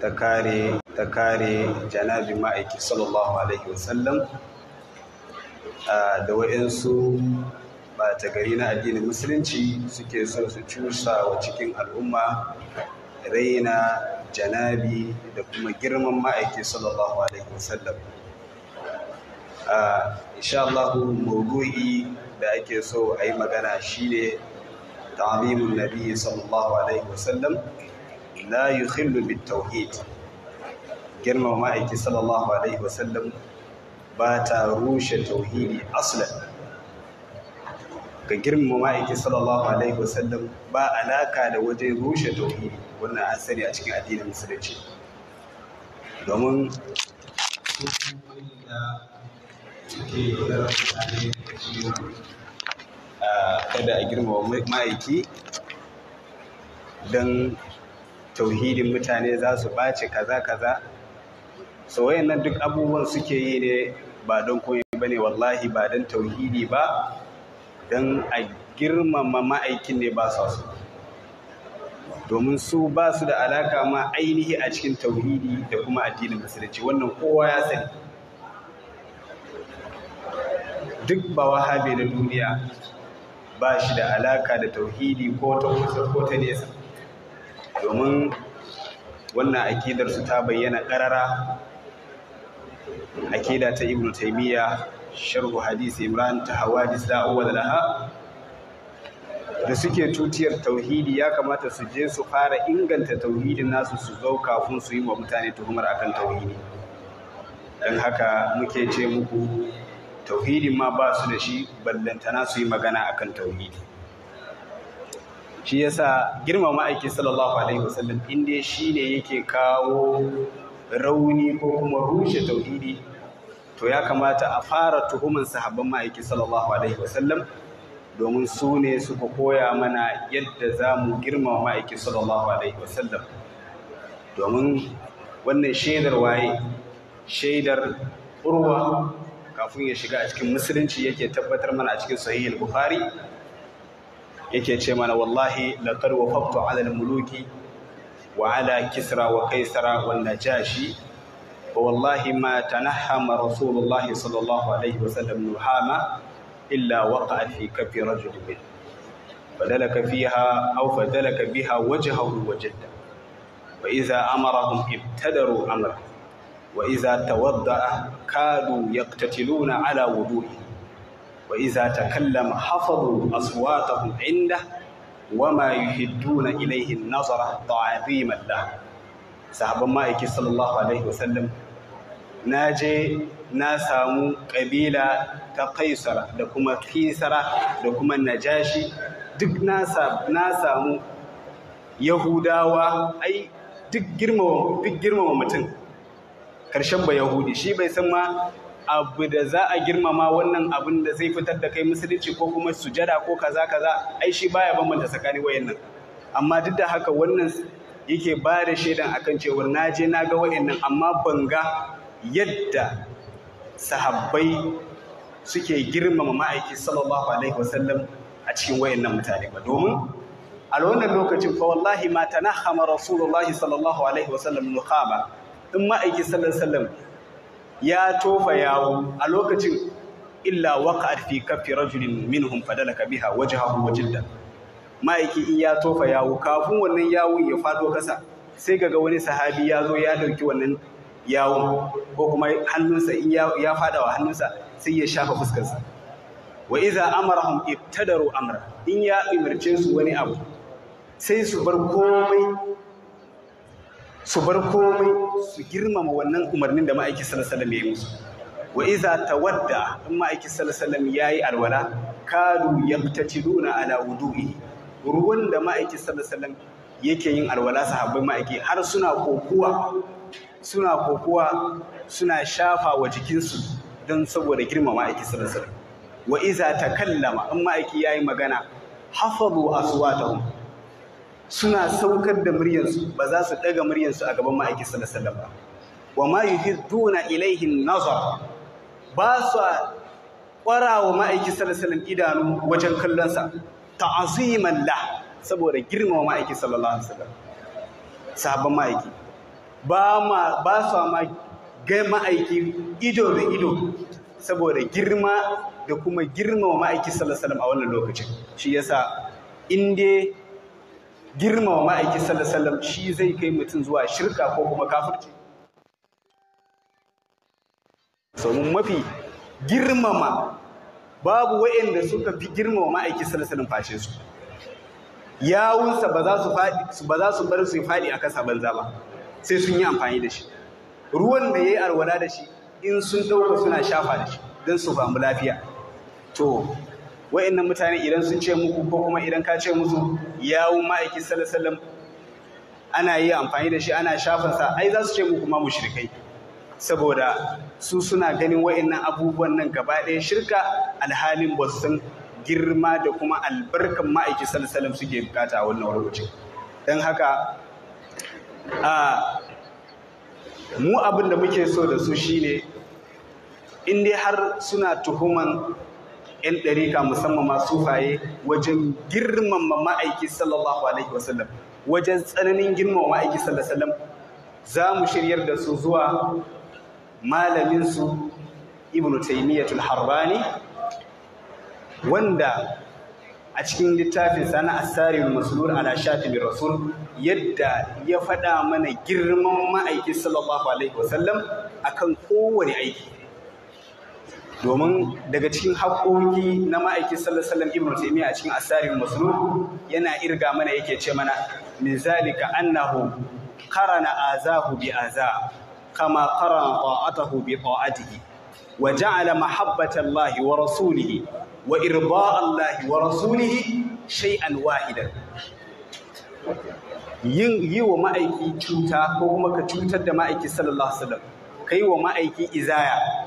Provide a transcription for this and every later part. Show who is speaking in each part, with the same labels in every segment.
Speaker 1: ta kare ta kare ma'aiki sallallahu alaihi wasallam da wa'insu ba ta gari na addinin musulunci suke son su cusa wa cikin al'umma raina janabi da kuma girman ma'aiki sallallahu alaihi wasallam insha Allah maudu'i da ake so a yi magana shine ta'zimun nabi sallallahu alaihi wasallam la yukhillu bit tauhid girma ma'aiki sallallahu alaihi wasallam ba ta rushe tauhidi aslan ga girma ma'aiki sallallahu alaihi wasallam ba alaka da wajen rushe tauhidi wannan asali a cikin addinin musulunci domin kada a girma ma'aiki don tauhidin mutane za su bace kaza kaza so wayannan duk abubuwan suke yi ne ba don koyi ba ne wallahi ba don tauhidi ba don a girmama ma'aikin ne ba sa su domin su ba su da alaka ma ainihi a cikin tauhidi da kuma addinin musulunci wannan kowa ya sani duk ba wahabe na duniya ba shi da alaka da tauhidi ko ta kusa ko ta nesa domin wannan akidar su ta bayyana ƙarara akida ta ibnu taymiya sharhu hadisi imran ta hawadis da awwal laha da suke tutiyar tauhidi ya kamata su je su fara inganta tauhidin nasu su zo kafin su yi wa mutane tuhumar akan tauhidi dan haka muke ce muku tauhidin ma ba su da shi ballantana su yi magana akan tauhidi shi yasa girmama ma'aikin sallallahu alaihi wasallam inda shi ne yake kawo rauni ko kuma rushe tauhidi to ya kamata a fara tuhumin sahabban ma'aikin sallallahu alaihi wasallam domin su ne suka koya mana yadda za mu girmama ma'aikin sallallahu alaihi wasallam domin wannan shaidar waye shaidar urwa kafin ya shiga a cikin musulunci yake tabbatar mana a cikin sahihul bukhari yake ce mana wallahi laqad wafaqtu ala al-muluki wa ala kisra wa kaisara wa najashi wa wallahi ma tanahama rasulullah sallallahu alaihi wasallam nuhama illa waqa'a fi kafi rajul min فدلك فيها أو فدلك بها وجهه وجده وإذا أمرهم ابتدروا أمره وإذا توضأ كادوا يقتتلون ala وجوهه وإذا تكلم حفظوا أصواتهم عنده وما يهدون إليه النظر تعظيما له sahabban ma'aiki sallallahu alaihi wasallam na je na samu ƙabila ta kaisara da kuma kisara da kuma najashi duk na samu yahudawa ai duk girmama mutum ƙarshen ba yahudi shi bai san ma abu da za a girmama wannan abin da zai fitar da kai musulunci ko kuma sujada ko kaza kaza ai shi baya bambanta tsakanin wayannan amma duk da haka wannan yake ba da shaidan akan cewa na je na ga wayannan amma ban ga yadda sahabbai suke girmama ma'aiki sallallahu alaihi wasallam a cikin wayannan mutane ba domin a wannan lokacin fa wallahi ma tanahama rasulullahi sallallahu alaihi wasallam nuqama in ma'aiki sallallahu alaihi wasallam ya tofa yawo a lokacin illa a fi kafi rajulin fadala fadalaka biha hagu wa da. ma'aiki in ya tofa yawo kafin wannan yawon ya fado kasa sai gaga wani sahabi ya zo ya dauki wannan yawon ko kuma hannunsa in ya fada wa hannunsa sai ya shafa fuskarsa wa iza amarahum ibtadaru amra in ya umarce su wani abu sai su bar komai su bar komai su girmama wannan umarnin da ma'aiki salasalam ya yi musu wa iza wadda in ma'aiki salasalam ya yi alwala Kalu ya ci, nuna ala wudu'i ruwan da ma'aiki salasalam yake yin alwala sahabbai ma'aiki har suna kokuwa suna kokuwa suna shafa wa jikinsu don saboda girmama aiki salasalam, wa iza kallama in ma'aiki ya yi magana hafazu aswatahum suna saukar da muryarsu ba za su ɗaga muryarsu a gaban ma'aiki sallallahu ba wa ma yuhidduna ilaihin nazar ba su kwarawa ma'aiki sallallahu alaihi idanu wajen kallon sa ta'ziman la saboda girmama ma'aiki sallallahu alaihi wasallam sabon ma'aiki ba ma ba su ma ga ma'aiki ido da ido saboda girma da kuma girmama ma'aiki sallallahu alaihi wasallam a wannan lokacin shi yasa in dai girmama ma'aikin sallallahu shi zai kai mutum zuwa shirka ko kuma kafirci sau mafi girmama babu waɗanda suka fi girmama ma'aikin sallallahu fashe su yawunsa ba za su faɗi su bar su faɗi a kasa banza ba sai sun yi amfani da shi ruwan da ya yi alwala da shi in sun ɗauka suna shafa da shi don su samu lafiya to wa'annan mutane idan sun ce muku ko kuma idan ka ce musu yawun ma'aikin Salasalam. ana yi amfani da shi ana shafansa ai za su ce muku ma shirkai saboda su suna ganin wa'annan abubuwan nan gaba ɗaya shirka alhalin ba san girma da kuma albarkan Salasalam sallallahu suke bukata a wannan wani don haka a mu abin da muke so da su shine in dai har suna tuhuman 'yan ɗarika musamman ma sufaye wajen girmama ma'aiki sallallahu alaihi wasallam wajen tsananin girmama ma'aiki sallallahu alaihi wasallam za mu shiryar da su zuwa malaminsu ibn taimiyyatul harbani wanda a cikin littafin sana asari masulur ala Shafi mai rasul yadda ya faɗa mana girman ma'aiki sallallahu alaihi wasallam akan kowane aiki domin daga cikin haƙoƙi na ma'aikin sallallahu ibnu a cikin asarin masrur yana irga mana yake ce mana min zalika annahu qarana azahu bi aza kama qarana ta'atahu bi ta'atihi wa ja'ala mahabbata Allah wa rasulihi wa irba Allah wa rasulihi shay'an wahidan yin yi wa ma'aiki cuta ko kuma ka cutar da ma'aiki sallallahu alaihi wasallam kai wa ma'aiki izaya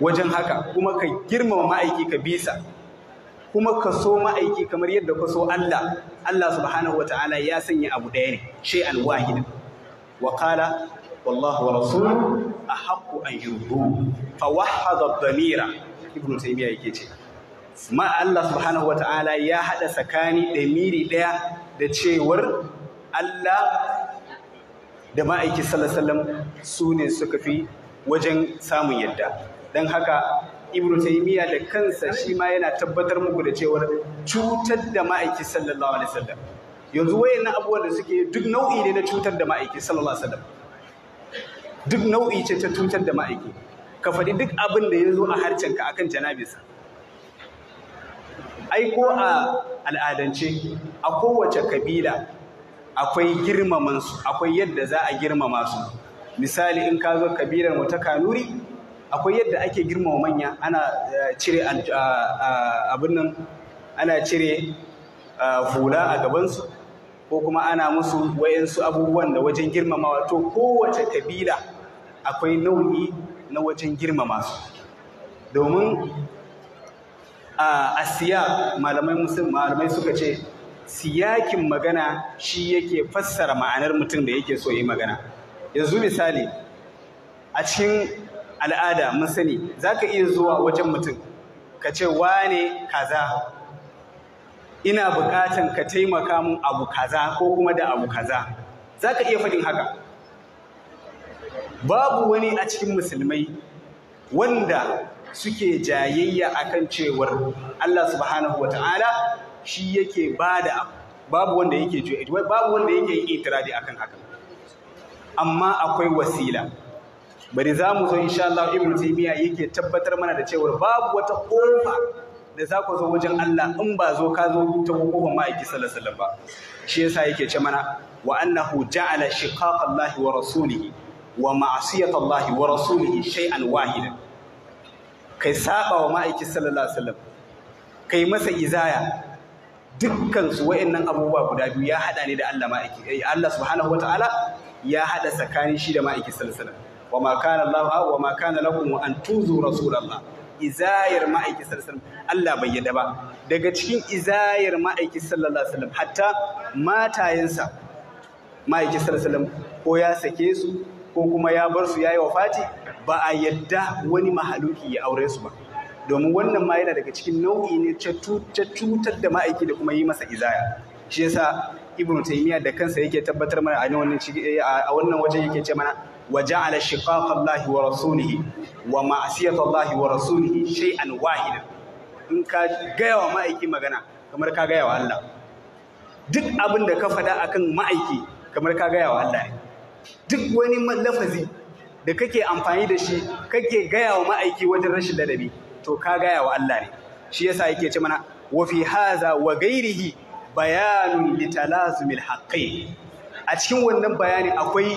Speaker 1: wajen haka kuma ka girmama ma'aiki ka bisa kuma ka so ma'aiki kamar yadda ka so Allah Allah subhanahu wa ta'ala ya sanya abu ɗaya ne shi alwahid wa qala wallahu wa rasuluhu ahaqqu an yurdu fa wahhada ad-damira ibnu taymiya yake ce ma Allah subhanahu wa ta'ala ya hada sakani ɗamiri ɗaya da cewar Allah da ma'aiki sallallahu alaihi wasallam su ne suka fi wajen samun yadda don haka ibnu taymiya da kansa shi ma yana tabbatar muku da cewar cutar da ma'aiki sallallahu alaihi wasallam yanzu wayannan abubuwan da suke duk nau'i ne na cutar da ma'aiki sallallahu alaihi wasallam duk nau'i ce ta cutar da ma'aiki ka faɗi duk abin da ya zo a ka akan janabisa ai ko a al'adance a kowace kabila akwai girmaman su akwai yadda za a girmama su misali in ka zo kabilar mu ta kanuri akwai yadda ake girmama manya ana eh, cire abin nan ana cire fula a gabansu ko kuma ana musu wayansu abubuwan da wajen girmama, wato kowace kabila akwai nau'i na wajen girmama su domin a siya malamai malamai suka ce siyakin magana shi yake fassara ma'anar mutum da yake so yi magana yanzu misali a cikin al'ada mun sani za ka iya zuwa wajen mutum ka ce wane kaza ina bukatan ka taimaka mun abu kaza ko kuma da abu kaza za ka iya faɗin haka babu wani a cikin musulmai wanda suke jayayya akan cewar Allah subhanahu wa ta'ala shi yake ba da abu babu wanda yake babu wanda yake yin itiradi akan haka amma akwai wasila bari za mu zo insha Allah Ibn Taymiyyah yake tabbatar mana da cewa babu wata kofa da za ku zo wajen Allah in ba zo ka zo ta hukumar ma'aiki sallallahu alaihi ba shi yasa yake ce mana wa annahu ja'ala shiqaq Allah wa rasulihi wa ma'siyat Allah wa rasulihi shay'an wahidan kai saba wa ma'aiki sallallahu alaihi wasallam kai masa izaya dukkan su wayannan abubuwa guda biyu ya hada ne da Allah ma'aiki eh, Allah subhanahu wataala ya hada tsakanin shi da ma'aiki sallallahu alaihi wasallam wa ma kana Allah wa ma kana lakum an tuzu rasulullah izayar ma'aiki sallallahu Allah bai yadda ba daga cikin izayar ma'aiki sallallahu alaihi wasallam hatta matayensa ma'aiki sallallahu alaihi ko ya sake su ko kuma ya bar su yayi wafati ba a yadda wani mahaluki ya aure su ba domin wannan ma yana daga cikin nau'i ne ta cutar da ma'aiki da kuma yi masa izaya shi yasa ibnu taymiya da kansa yake tabbatar mana a wannan wajen yake ce mana وجعل شقاق الله ورسوله ومعصية الله ورسوله شيئا واحدا in ka gaya wa ma'aiki magana kamar ka gaya wa Allah duk abin ka faɗa akan ma'aiki kamar ka gaya wa Allah ne duk wani lafazi da kake amfani da shi kake gaya wa ma'aiki rashin ladabi to ka gaya wa Allah ne shi yasa yake ci mana wa haza wa gairihi bayanun litalazumil a cikin wannan bayani akwai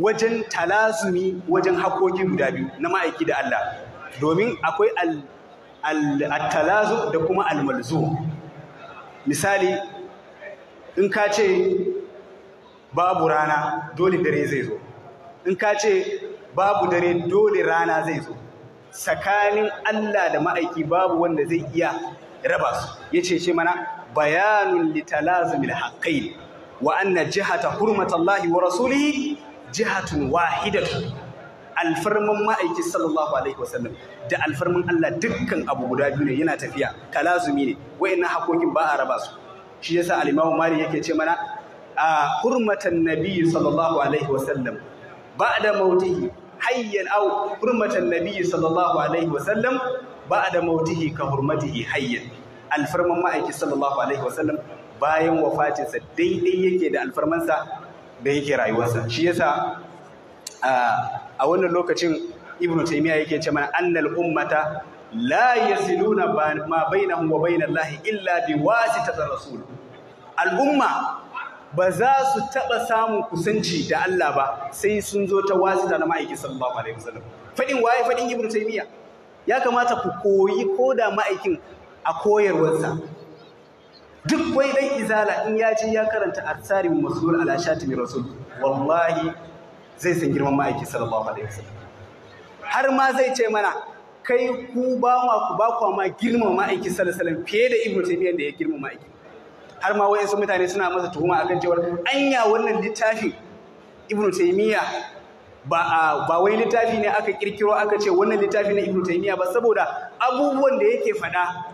Speaker 1: wajen talazumi wajen haƙoƙi guda biyu na ma'aiki da Allah domin akwai al-talazu da kuma al-malzu misali in ka ce babu rana dole dare zai zo in ka ce babu dare dole rana zai zo tsakanin Allah da ma'aiki babu wanda zai iya raba su ya ce ce mana bayanun litalazumil haqqain wa anna jihata hurmatallahi wa rasulihi jihatun wahidatu alfarman ma'aiki sallallahu alaihi wasallam da alfarman Allah dukkan abu guda biyu ne yana tafiya kalazumi ne wayannan hakokin ba a raba su shi yasa al-Imam Malik yake ce mana a hurmatan nabi sallallahu alaihi wasallam ba'da mautihi hayyan aw hurmatan nabi sallallahu alaihi wasallam ba'da mautihi ka hurmatihi hayyan alfarman ma'aiki sallallahu alaihi wasallam bayan wafatinsa daidai yake da alfarmansa da yake rayuwarsa shi yasa a wannan lokacin ibnu taymiya yake ce mana annal ummata la yasiluna ma bainahum wa bainallahi illa biwasita rasul al'umma ba za su taɓa samun kusanci da Allah ba sai sun zo ta wasita na ma'aikin sallallahu alaihi wasallam fadin waye fadin ibnu taymiya ya kamata ku koyi koda da ma'aikin a koyarwarsa duk wai dan izala in ya je ya karanta arsarin musul ala shatimi rasul wallahi zai san girman ma'aiki sallallahu alaihi wasallam har ma zai ce mana kai ku ba ma ku ba ku ma girman ma'aiki sallallahu alaihi wasallam fiye da ibnu taymiyyah da ya girma ma'aiki har ma wayansu mutane suna masa tuhuma akan cewa anya wannan littafi ibnu taymiyyah ba ba wai littafi ne aka kirkiro aka ce wannan littafi na ibnu taymiyyah ba saboda abubuwan da yake fada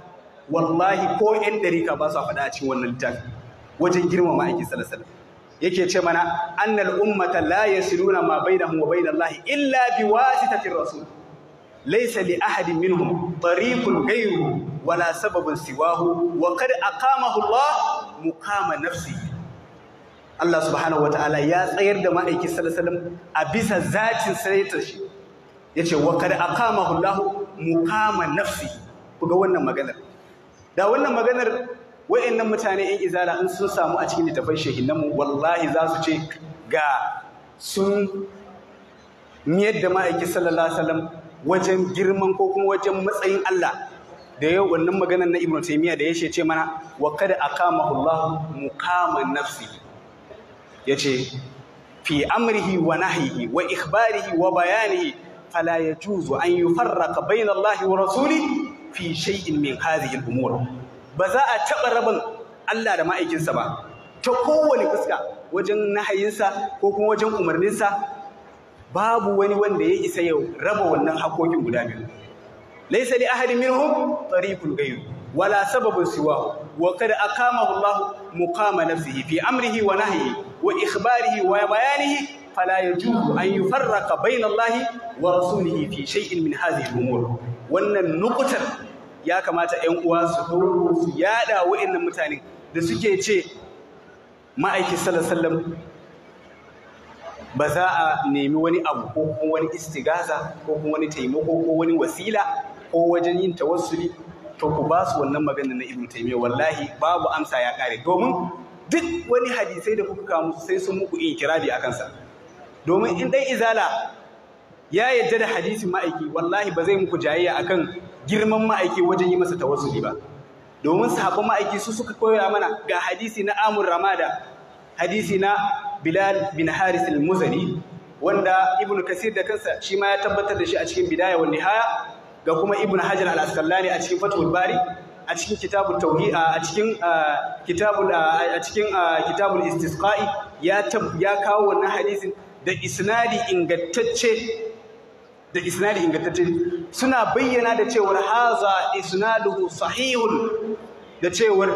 Speaker 1: wallahi ko yan ɗarika ba su faɗa a cikin wannan littafi wajen girmama aiki salasala yake ce mana annal ummata la yasiluna ma bainahum wa bainallahi illa bi biwasitatir rasul laysa li ahadin minhum tariqun ghayru wala sababun siwahu wa qad aqamahu Allah muqama nafsi. Allah subhanahu ta'ala ya tsayar da ma'aikin sallallahu a bisa zatin sarautar shi yace wa qad aqamahu Allah muqama nafsi ku ga wannan maganar da wannan maganar wa'annan mutane yan izala in sun samu a cikin littafai mu wallahi za su ce ga sun miyar da ma'aiki sallallahu alaihi wasallam wajen girman ko kuma wajen matsayin Allah da yau wannan maganar na Ibn Taymiyyah da ya ce mana wa kad aqamahu Allah muqaman nafsi yace fi amrihi wa nahyihi wa ikhbarihi wa bayanihi fala yajuzu an yufarraqa bayna bainallahi wa rasulihi fi shay'in min hadhihi al-umur ba za a taɓa rabin Allah da ma'aikinsa ba ta kowane fuska wajen nahayinsa ko kuma wajen umarninsa babu wani wanda ya isa yau raba wannan hakokin guda biyu laysa li ahadin minhum tariqul ghayr wala sababun siwa wa kad akamahu Allah muqama nafsihi fi amrihi wa nahyihi wa ikhbarihi wa bayanihi فلا يجوز أن يفرق بين الله ورسوله في شيء من هذه الأمور wannan nukutar ya kamata 'yan uwa su ɗauko su yaɗa wa'in mutane da suke ce ma'aiki salasallam ba za a nemi wani abu ko kuma wani istigaza ko kuma wani taimako ko wani wasila ko wajen yin tawassuli to ku ba su wannan magana na ibn taymiya wallahi babu amsa ya kare domin duk wani hadisai da kuka kamu sai sun muku inkirari akan sa domin in dai izala ya yadda da hadisin ma'aiki wallahi ba zai muku jayayya akan girman ma'aiki wajen yi masa tawassuli ba domin sahabban ma'aiki su suka koya mana ga hadisi na Amur Ramada hadisi na Bilal bin Haris al-Muzani wanda Ibn Kasir da kansa shi ma ya tabbatar da shi a cikin Bidaya wa Nihaya ga kuma Ibn Hajar al-Asqalani a cikin Fathul Bari a cikin kitabun tauhid a cikin kitabun istisqa'i ya ya kawo wannan hadisin da isnadi ingantacce da isnadi ingantacce suna bayyana da cewar haza isnaduhu sahihun da cewar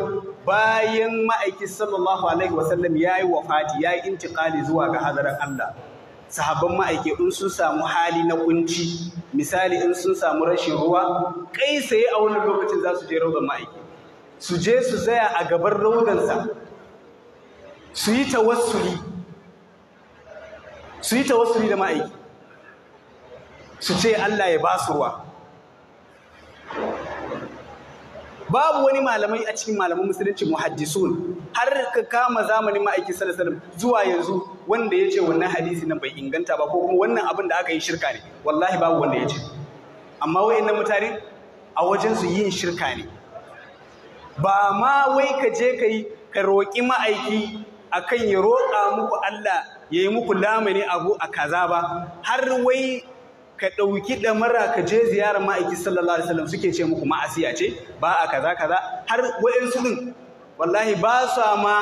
Speaker 1: bayan ma'aiki sallallahu alaihi wasallam yayi wafati yayi intiqali zuwa ga hadaran Allah sahabban ma'aiki in sun samu hali na kunci misali in sun samu rashin ruwa kai sai a wani lokacin za su je raudan ma'aiki su je su tsaya a gaban raudansa su yi tawassuli su yi tawassuli da ma'aiki su ce Allah ya ba su ruwa babu wani malamai a cikin malaman musulunci muhaddisun har ka kama zamanin ma'aikin sallallahu zuwa yanzu wanda ya ce wannan hadisi nan bai inganta ba ko kuma wannan abin da aka yi shirka ne wallahi babu wanda ya ce amma wayannan mutane a wajen su yin shirka ne ba ma wai ka je ka yi ka roƙi ma'aiki akan ya roƙa muku Allah ya yi muku lamani abu a kaza ba har wai ka ɗauki ɗamara ka je ziyarar ma'aiki sallallahu alaihi wasallam suke ce muku ma'asiya ce ba a kaza kaza har wa'insu din wallahi ba su ma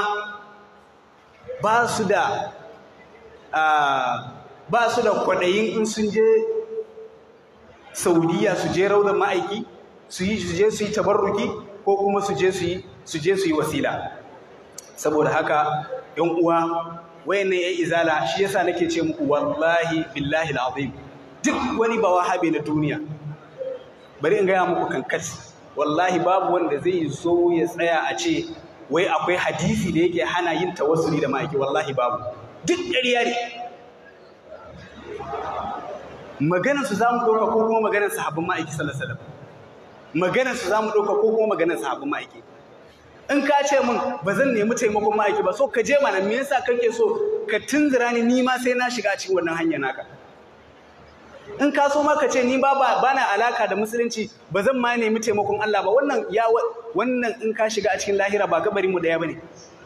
Speaker 1: ba su da ba su da kwaɗayin in sun je saudiya su je raunar ma'aiki su yi su je su yi tabarruki ko kuma su je su yi wasila saboda haka yan uwa wayannan ya izala shi yasa nake ce muku wallahi billahi alazim duk wani habe na duniya bari in gaya muku kankas wallahi babu wanda zai so ya tsaya a ce wai akwai hadisi da yake hana yin tawassuli da ma'aiki wallahi babu duk ƙarya ne maganar su zamu ɗauka ko kuma maganar sahabban ma'aiki sallallahu alaihi wasallam maganar su zamu ɗauka ko kuma maganar sahabban ma'aiki in ka ce min ba zan nemi taimakon ma'aiki ba so ka je mana me yasa kake so ka tunzura ni ni ma sai na shiga cikin wannan hanya naka in ka so ma ka ce ni ba bana alaka da musulunci ba zan ma nemi taimakon Allah ba wannan ya wannan in ka shiga a cikin lahira ba gabarin mu daya bane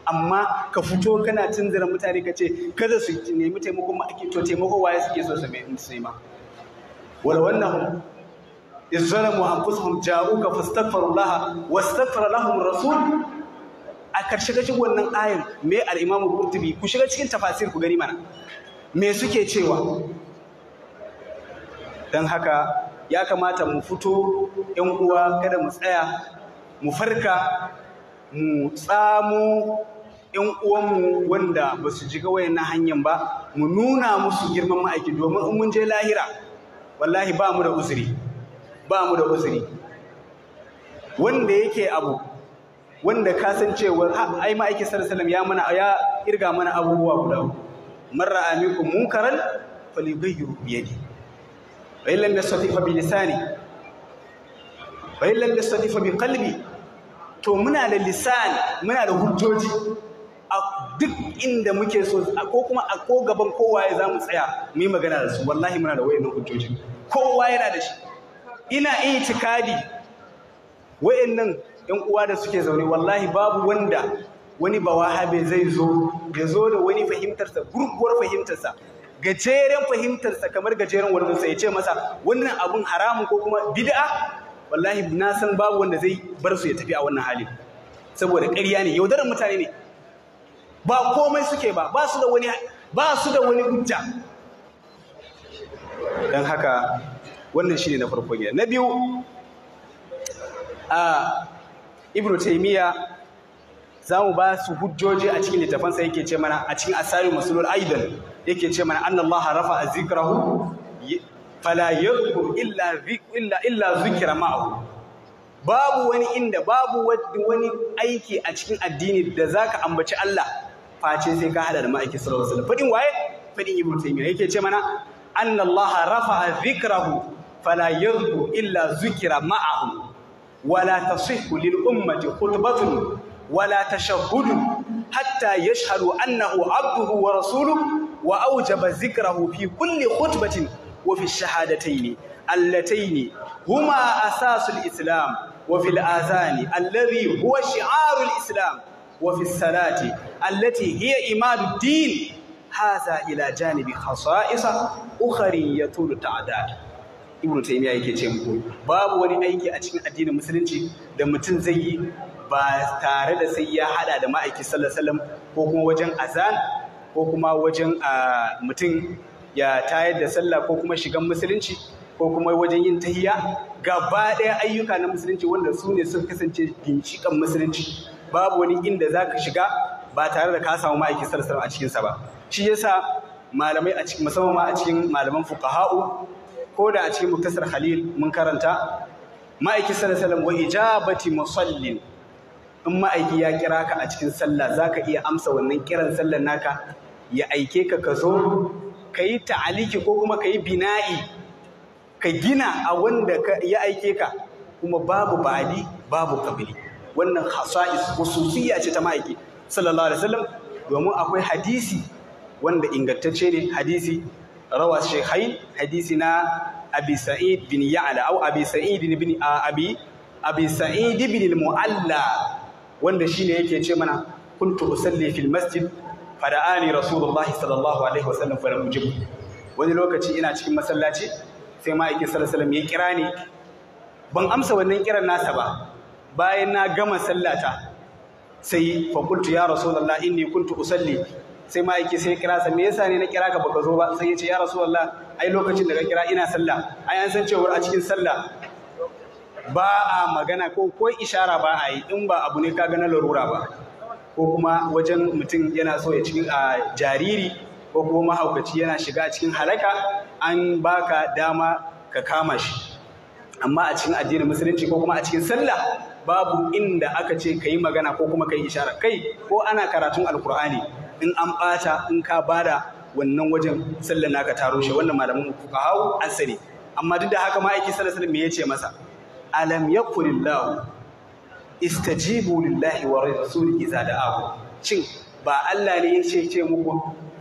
Speaker 1: amma ka fito kana tunzura mutane ka ce kada su nemi taimakon mu ake to taimako waye suke so su mai ma Wala wannan izzalamu anfusuhum ja'uka fastaghfirullaha wastaghfara lahum rasul a karshe cikin wannan ayar me al-imamu qurtubi ku shiga cikin tafasir ku gani mana me suke cewa don haka ya kamata mu fito yan uwa kada mu tsaya mu farka mu tsamo yan uwanmu wanda ba su kawai na hanyar ba mu nuna musu girman ma'aiki domin in mun je lahira wallahi ba mu da uzuri ba mu da uzuri wanda yake abu wanda ka san ai ma'aikin sallallahu ya mana ya irga mana abubuwa guda uku man ra'a minkum munkaran falyughayyirhu bi وإن لم يستطيع بلساني وإن لم يستطيع بقلبي to muna da lisan muna da hujjoji a duk inda muke so ko kuma a ko gaban kowa ya za mu tsaya mu yi magana da su wallahi muna da wayannan hujjoji kowa yana da shi ina itikadi wayannan yan uwa da suke zaune wallahi babu wanda wani bawahabe zai zo ya zo da wani fahimtarsa gurguwar fahimtarsa gajeren fahimtarsa kamar gajeren wani ya ce masa wannan abun haramun ko kuma bid'a wallahi na san babu wanda zai bar su ya tafi a wannan halin saboda ƙarya ne yaudarar mutane ne ba komai suke ba ba su da wani ba su da wani hujja dan haka wannan shine na farko gida na biyu a ibnu taymiya za mu ba su hujjoji a cikin littafansa yake ce mana a cikin asari masulul aidan yake ce mana "An allaha rafa azzikrahu fala yadhkur illa illa illa zikra ma'ahu babu wani inda babu wani aiki a cikin addini da za ka ambaci Allah face sai ka hada da ma'aiki sallallahu alaihi wasallam fadin waye fadin ibnu taymiya yake ce mana "An allaha rafa zikrahu fala yadhkur illa zikra ma'ahu wala tasihhu lil ummati khutbatun wala tashabbudu hatta yashhadu annahu abduhu wa rasuluhu wa aujaba zikrahu fi kulli khutbatin wa fi shahadataini اللتين هما أساس الإسلام وفي الآذان الذي هو شعار الإسلام وفي الصلاة التي هي إمام الدين هذا إلى جانب خصائص أخرى يطول التعداد ibn taymiya yake ce muku babu wani aiki a cikin addinin musulunci da mutum zai yi ba tare da sai ya hada da ma'aiki sallallahu ko kuma wajen azan ko kuma wajen mutum ya tayar da sallah ko kuma shigan musulunci ko kuma wajen yin tahiya gaba ɗaya ayyuka na musulunci wanda su ne sun kasance ginshiƙan musulunci babu wani inda za ka shiga ba tare da ka samu ma'aikin sallallahu a cikinsa ba shi yasa malamai a cikin musamman ma a cikin malaman fuqaha'u ko da a cikin muktasar khalil mun karanta ma'aikin sallallahu wa ijabati musallin in ma'aiki ya kira ka a cikin sallah za ka iya amsa wannan kiran sallar naka ya aike ka ka zo ka yi ta'aliki ko kuma ka yi bina'i ka gina a wanda ya aike ka kuma babu bali babu kabili wannan hasa'is hususiyya ce ta ma'aiki sallallahu alaihi wasallam domin akwai hadisi wanda ingantacce ne hadisi rawa shekhain hadisi na abi sa'id bin ya'la au abi sa'id bin abi abi sa'id bin mualla wanda shine yake ce mana kuntu usalli fil masjid fara'ani rasulullah sallallahu alaihi wasallam fa lam ujib wani lokaci ina cikin masallaci sai ma'aikin sallallahu alaihi ya kira ni ban amsa wannan kiran nasa ba bayan na gama sallata sai fa kuntu ya rasulullah inni kuntu usalli sai ma'aiki sai kira sa me yasa ne na kira ka baka zo ba sai ya ce ya rasulullah ai lokacin da ka kira ina sallah ai an san cewa a cikin sallah ba a magana ko ko ishara ba a yi in ba abu ne ka na larura ba ko kuma wajen mutum yana so ya cikin a jariri ko kuma mahaukaci yana shiga cikin halaka an baka dama ka kama shi amma a cikin addinin musulunci ko kuma a cikin sallah babu inda aka ce ka yi magana ko kuma ka yi ishara kai ko ana karatun alkur'ani in an bata in ka bada wannan wajen sallah naka taro shi wannan malamin fuqahau an sani amma duk da haka ma aiki sallah sallah me yace masa alam yakulillahu istajibu lillahi wa rasulihi da abu. Cin ba Allah ne ya ce ce muku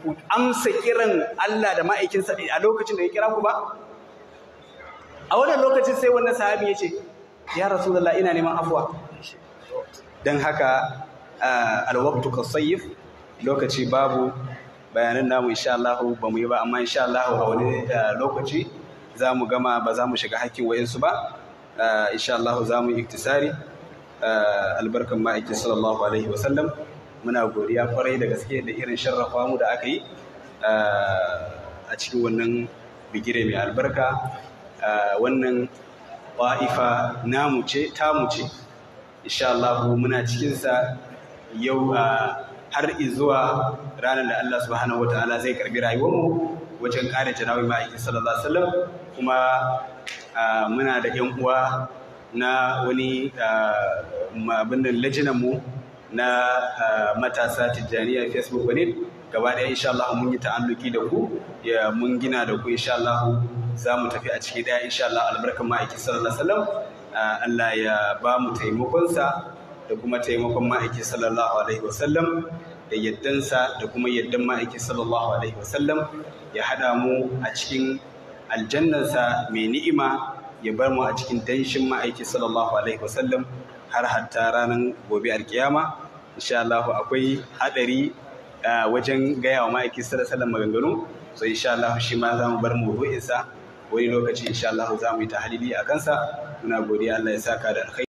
Speaker 1: ku amsa kiran Allah da ma'aikinsa a lokacin da ya kira ku ba a wannan lokacin sai wannan sahabi ya ce ya rasulullah ina neman afuwa don haka alwaktu kasayyif lokaci babu bayanan namu insha Allah ba mu yi ba amma insha Allah a wani lokaci za mu gama ba za mu shiga hakkin wayansu ba insha Allah za mu yi iktisari albarkan ma'aikin sallallahu alaihi wasallam muna godiya kwarai da gaske da irin sharrafa mu da aka yi a cikin wannan bigire mai albarka wannan ba'ifa namu ce tamu ce insha Allah muna cikinsa yau har izuwa ranar da Allah subhanahu Ta'ala zai karbi rayuwarmu wajen ƙara janawi ma'aikin sallallahu alaihi wasallam kuma muna da yan uwa na wani abin lajinan mu na matasa tijjaniya facebook wani gaba ɗaya insha Allah mun yi ta'alluki da ku ya mun gina da ku insha Allah za mu tafi a ciki ɗaya insha Allah albarkan ma'aiki sallallahu alaihi wasallam Allah ya ba mu taimakonsa da kuma taimakon ma'aiki sallallahu alaihi wasallam da yaddansa da kuma yaddan ma'aiki sallallahu alaihi wasallam ya haɗa mu a cikin aljannarsa mai ni'ima ya bar mu a cikin danshin ma'aiki sallallahu alaihi wasallam har hatta ranar gobe alkiyama insha Allah akwai hadari wajen gaya wa ma'aiki sallallahu alaihi maganganu so insha Allah shi ma za mu bar mu sa wani lokaci insha Allah za mu yi tahalili a kansa muna godiya Allah ya saka da alkhairi